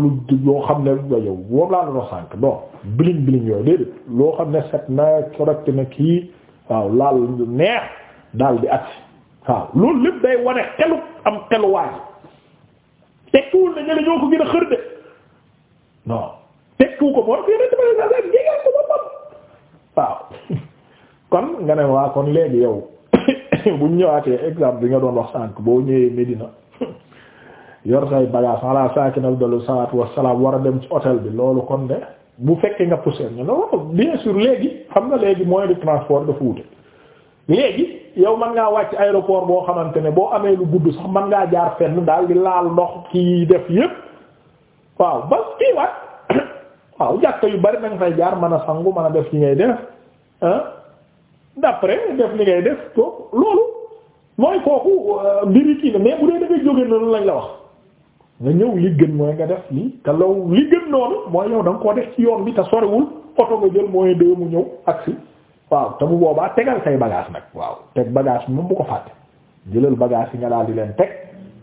lu xam ne ba yow boobu laa la sànk bon biling biling yooyu déedéet loo xam ne set na correct na kii waaw laal neex daal di agsi waaw loolu lépp day wane xelu am xeluwaay tekkiwul ne ñeneen ko gën a xër de non tekkiwu ko moom waaw kon nga ne waa kon léegi yow buñ ñu ñëwaatee exemple bi nga doon wax sànq boo ñëwee Medina yor say bagage ala saaki na dalu salaatu wassalaam war a dem ci hôtel bi loolu kon de bu fekkee nga poussé ñu ne waaw bien sûr léegi xam nga léegi moyen de transport dafa wute. léegi yow man ngaa wàcc aéroport boo xamante ne boo amee lu gudd sax mën ngaa jaar fenn daal di laal ndox kii def yépp waaw ba kii waat waaw jàkka yu bari danga fay jaar mën a sangu mën a def li ngay def ah d'après def ngay def ko loolu mooy kooku euh, mbiri kii na mais bu dee dafay jóge noonu lañ la wax nga ñëw li gën mooy nga def lii te law li gën noonu mooy yow da nga koo def ci yoon bi te soriwul oto nga jël mooy deux mu ñëw agsi waaw te bu boobaa tegal say bagage nag waaw teg bagaas moom bu ko fàtte jëlal bagage yi nga daal di leen teg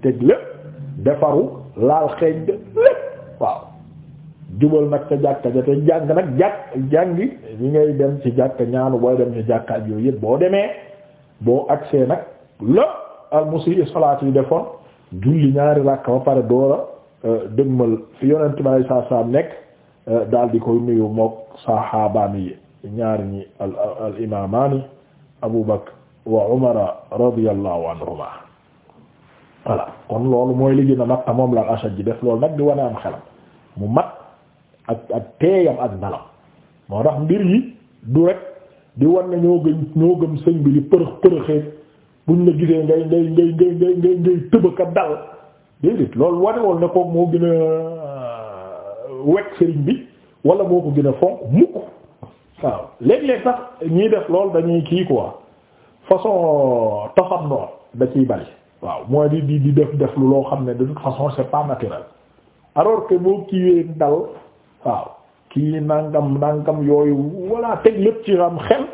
teg lépp defaru laal xeeñ lépp waaw jubal nag ca jàkka ja te jàng nag jàkk jàngi ñi ngay dem ci jàkka ñaanu booy dem ci jàkka ak yooyu yëpp boo demee boo agsee nag la al musi salaat yi defoon julli ñaari ràkk ba pare doora euh, dëgmal fi yonent bi sallallahu alayhi nekk euh, daal di koy nuyu mook saxaabaam yi ñaar ñi al al imaamaani Abu Bakr wa Umar radiyallahu anhuma voilà kon loolu mooy li gën a mat la ashaj ji def loolu nag di wane am xelam mu mat ak ak teeyam ak dalam moo tax mbir yi du rek di wan ne ñoo gëm ñoo gëm sëñ bi li përëx përëxee buñ la gisee ngay ngay ngay ngay ngay ngay ngay dal déedéet loolu wanewoon ne ko moo gën a wekk sëriñ bi wala moo ko gën a fonk mukk waaw léeg-léeg sax ñiy def lool dañuy kii quoi façon toxam noor da ciy bari waaw mooy di di di def def lu loo xam ne da toute façon c'est pas naturel alors que boo kiiwee dal waaw kii nangam nangam yooyu walla teg lépp ci am xel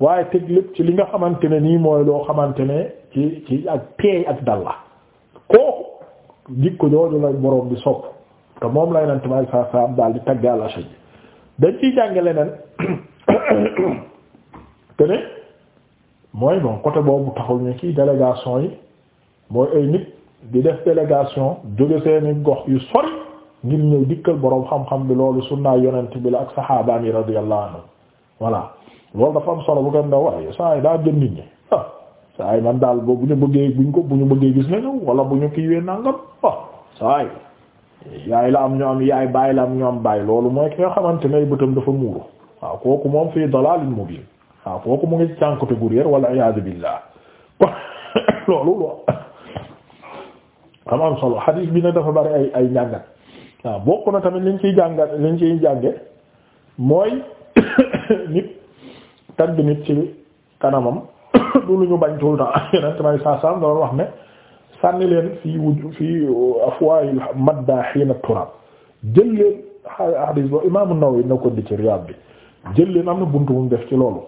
waaye teg lépp ci li nga xamante ne nii mooy loo xamante ne ci ci ak teey ak dal la kooku jikko jooju la boroom bi sopp te moom lay nant may sa sa am di taggal asha ji dañ ciy te mooy bon côté boobu taxul ñu ci délégation yi mooy ay nit di def délégation jóge seeni gox yu sori ngir ñëw dikkal boroom xam-xam bi loolu naa yonent bi la ak saxaabaan yi radiyallahu anhu voilà loolu dafa am solo bu ko ne waaye saa yi daa jëm nit ñi ah, saa yi man daal boobu ñu bëggee buñ ko bu ñu bëggee gis nañu wala bu ñu kiiwee nangam ah saa yi yaay la am ñoom yaay bàyyi la am ñoom bàyyi loolu mooy ki nga xamante ne bëtam dafa muuru. waaw kooku moom fii dalalin mubin waaw kooku mu ngi ci cànkoté gu réer wala iyaadu billah kon loolu lo am solo xadiis bi na dafa bari ay ay njàngat waaw bokk na tamit liñ ciy jàngat liñ ciy jànge mooy nit tagg nit ci kanamam du lu ñu bañ tout le temps yeneen wax ne sànni leen fii wuju fii afwaayil maddahiina turab jël leen xadiis ba Imaam an na ko ci Riyaad bi jël leen am na buntu bu mu def ci loolu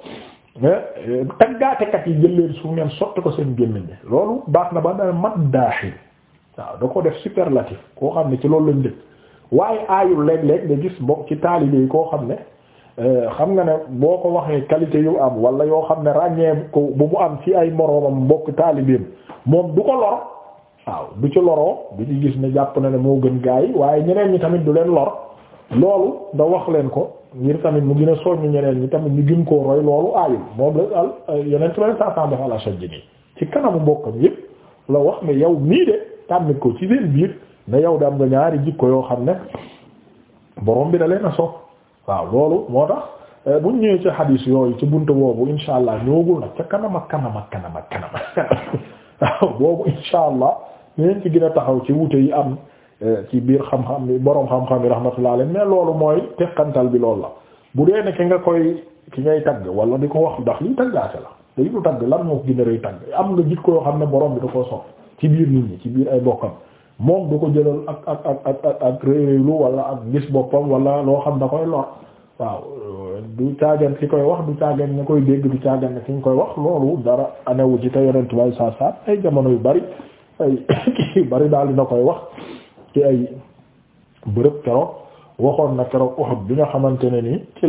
eh, eh, taggaatekat yi jël leen su ngeen sotti ko seen gémmiñ ñi loolu baax na ba dana mat daaxil waaw da ko def superlatif koo xam ne ci loolu lañ dëkk waaye aayul léeg nga gis bokk ci koo xam ne eh, xam nga ne boo ko waxee qualité yu am wala yoo xam ne ràññee ko bu mu am ci ay moroomam mbokk taalibeem moom du ko lor waaw du ci loroo du ci gis ne jàpp na ne moo gën gaa waaye ñeneen ñi tamit du leen lor loolu nga wax leen ko ngir tamit mu gën a soññu ñeneen ñi tamit ñu gën koo roy loolu aayul moom la al yeneen ci lañ saasaam dafa la soññ nii ci kanamu mbokkam yëpp la wax ne yow mii de tànn ko ci seen biir ne yow da am nga ñaari jikko yoo xam ne borom bi da leen a waaw loolu moo tax eh, buñ ñëwee ci xadiis yooyu ci bunt boobu insha allah ñëwagul nag ca kanama kanama kanama kanama waaw boobu insha allah ñeneen ci gën taxaw ci wute yi am. Eh, ci biir xam-xam bi boroom xam-xam yi rahmatullah alayhi mais loolu mooy teqantal bi loolu la bu dee ne ki nga koy ki ngay tagg wala di ko wax ndax lii taggaate la te itu tagg lan am nga jikko yoo xam ne borom bi da koo sopp ci biir nit ci biir ay bokkam moom du ko jëlal ak ak ak ak ak ak réeréelu wala ak gis boppam wala loo xam da koy lor waaw du caagan ki koy wax du caagan nga koy dégg du caagan ne ki ñu koy wax loolu dara anewu ci te yonentu way saa saa ay jamono yu bari bari daal dina koy wax ci bërëb keroog waxoon na keroog Uhud bi nga xamante ne nii ci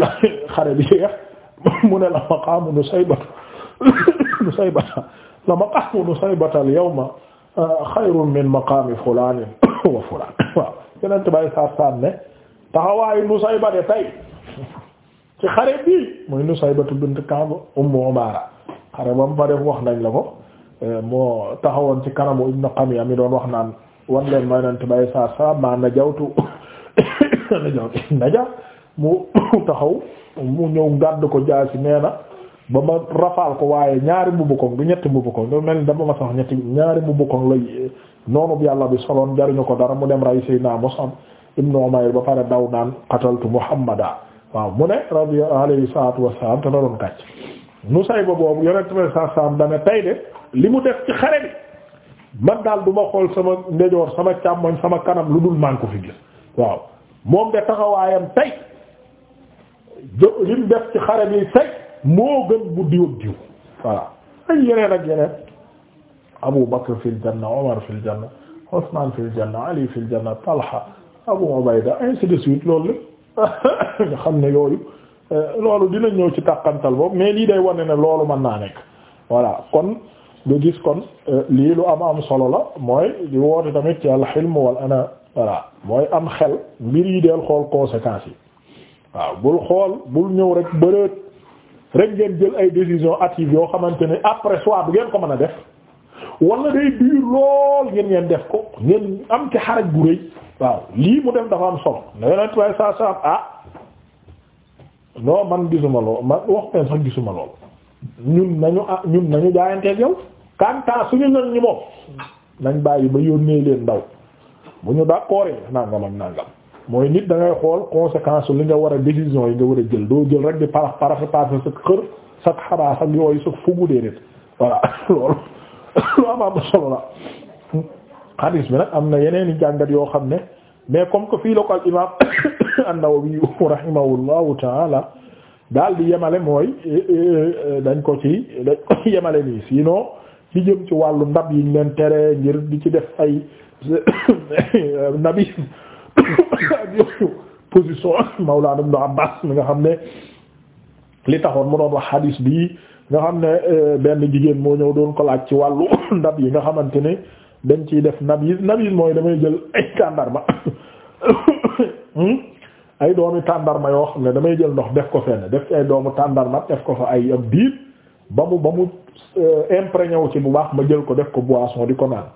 xare bi jeex mu ne la maqaamu Nusaybata Nusaybata la maqaamu Nusaybata al-yawma xayrun min maqaami fulaan wa fulaan waaw yeneen tubaab saaf saaf ne taxawaayu Nusayba de tey ci xare bii muy Nusaybatu bint Ka'b Ummu Umaara xare ba mu fa def wax nañ la ko moo taxawoon ci kanamu Ibn Qamiya mi doon wax naan. wan leen mooy nante bay sar sa ma najawtu najawtu naja mu taxaw mu ñëw gàdd ko jaasi nee na ba ma rafaal ko waaye ñaari mbubb ko du ñetti mbubb koŋ do mel ni da dama ma sax ñetti ñaari mbubb koŋ lay noonu yàlla bi soloon jariñu ko dara mu dem ray Seydina Mus'ab ibn Umayr ba pare daw naan qataltu Muhammada waaw mu ne rabbi alayhi salaatu wassalaam te la doon kàcc Nusayba boobu yonent bi sallallahu alayhi wasallam dana tey de li mu def ci xare bi man daal du ma xool sama ndejoor sama càmmoñ sama kanam lu dul maa ko fi gis waaw moom de taxawaayam tey li mu def ci xare bi tey moo gën bu diw diw voilà ay yeneen ak yeneen Abu Bakr fil janna Umar fil janna Usman fil janna Ali fil janna Talha Abu Ubayda ainsi de suite loolu la nga xam ne yooyu euh, loolu dina ñëw ci tàqantal boobu mais lii day wane ne loolu mën naa nekk voilà kon nga gis kon euh, lii lu am am solo la mooy di woote tamit ci alxilm wal ana voilà mooy am xel mbir yi deel xool conséquences yi waaw bul xool bul ñëw rek bërët rek ngeen jël ay décision hâtive yoo xamante ne après soit bu ngeen ko mën a def wala day biir lool ngeen ngeen def ko ngeen am ci xaraj bu rëy waaw lii mu def dafa am solo na yonent way ah, man gisuma lool man wax pen sax gisuma lool ñun nañu ah ñun nañu jaayanteeg yow su ñu nan ñi moom nañ bàyyi ba yónnee leen ndaw bu ñu d'accord nangam ak nangam mooy nit da ngay xool conséquence li nga war a décision yi nga war a jël doo jël rek di parax parax parce que xër sax xabaas ak yooyu sax fugu déedéet voilà loolu lu am am solo la xadis bi nag am na yeneen i jàngat yoo xam ne mais comme que fii la ko al imam an-Nawawi rahimahullahu la daal di yemale mooy eh, eh, eh, dañ ko ci dañ ko ci yemale nii sinon li ci wàllu ndab yiñ leen tere ngir di ci def ay nabi ak yooyu position Mawlana Ibn Abbas mi nga xam ne li taxoon mu doon wax hadis bi nga xam ne benn jigéen moo ñëw doon ko laaj ci wàllu ndab yi nga xamante ne dañ ciy def nab yi nab mooy damay jël ay tàndarma hmm? ay doomi tàndarma yoo xam ne damay jël ndox def ko fenn def ay doomu tàndarma def ko fa ay ab diir ba mu ba mu euh, imprégné wu ci bu baax ma jël ko def ko boisson di ko naan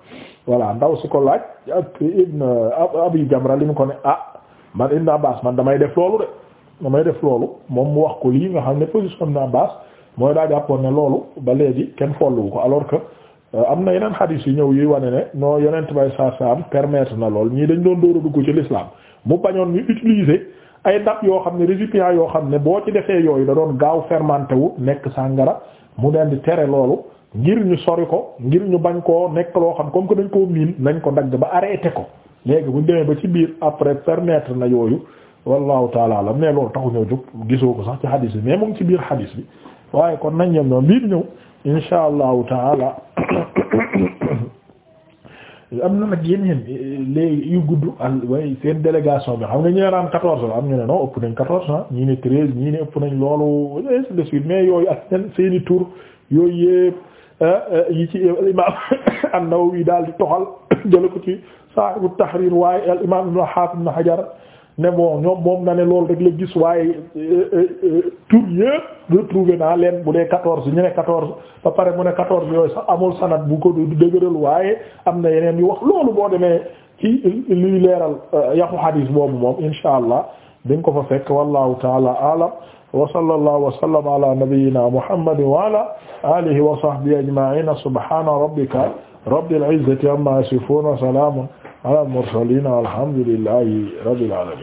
voilà ndaw si ko laaj ak ibn abi jamra li mu ko ne ah man ibn abbas man damay def loolu de damay def loolu moom mu wax ko lii nga xam ne position ibn abbas mooy daa jàppoon ne loolu ba léegi kenn folluwu ko alors que euh, am na yeneen xadiis yu ñëw yuy wane ne noo yonent bay sa sam permettre na lool ñii dañ doon dóor a dugg mu bañoon ni utiliser ay ndab yoo xam ne récipient yoo xam ne boo ci defee yooyu da doon gaaw fermenté wu nekk sàngara mu leen di tere loolu ngir ñu sori ko ngir ñu bañ koo nekk loo xam comme que dañ koo miin nañ ko dagg ba arrêté ko léegi bu ñu demee ba ci biir après permettre na yooyu wallahu taala alam mais loolu taxu ñëw jóg gisoo ko sax ci xadis bi mais mu ngi ci biir xadis bi waaye kon nañ ñem noonu biir ñëw insha allahu taala am na nag yeneen le yu gudd al way seen délégation bi xam nga ñu ne naan quatorze la am ñu ne non ëpp nañ quatorze ah ñii ne treize ñii ne ëpp nañ loolu mais yooyu ak seeni tour yooyu yëpp ah, ah, yi ci al imam an-Nawawi daal di toxal jële ko ci Sahibut Tahrir waaye al imam Ibn Hafiz Ibn Hajar ne bon ñoom moom na ne loolu rek la gis waaye euh, euh, euh, tur yëpp naa leen bu dee quatorze ñu ne quatorze ba pare mu ne quatorze yooyu sax amul sanat bu ko du dëgëral waaye am na yeneen yu wax loolu boo demee ci luy leeral yaxu xadiis boobu moom insha allah dañ ko fa fekk wallahu taala alam wa sallallahu wa sallama ala nabiyyina muhammadin wa ala alihi wa sahbihi ajma'ina subhana rabbika rabbil izzati amma yasifun wa salamun ala al mursalin alhamdulillahi rabbil alamin